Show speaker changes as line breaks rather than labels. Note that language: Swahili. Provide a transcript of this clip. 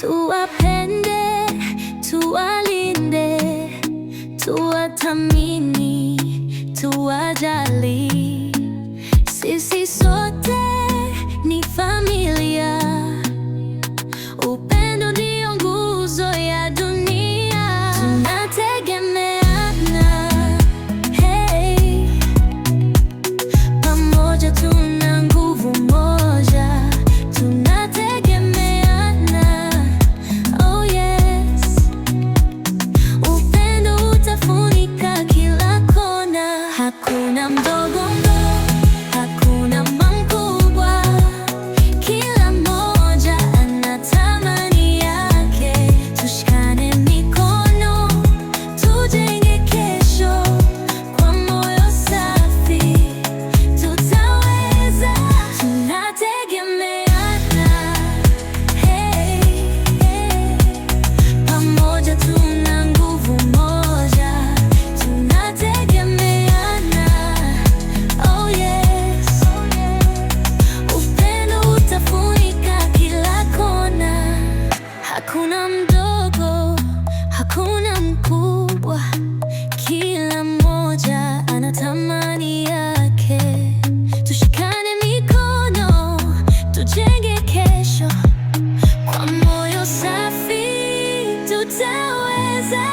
Tuwapende, tuwalinde, tuwathamini, tuwajali. Sisi sote ni familia. Upendo ndio nguzo ya mdogo, hakuna mkubwa, kila mmoja ana thamani yake. Tushikane mikono, tujenge kesho kwa moyo safi, tutaweza.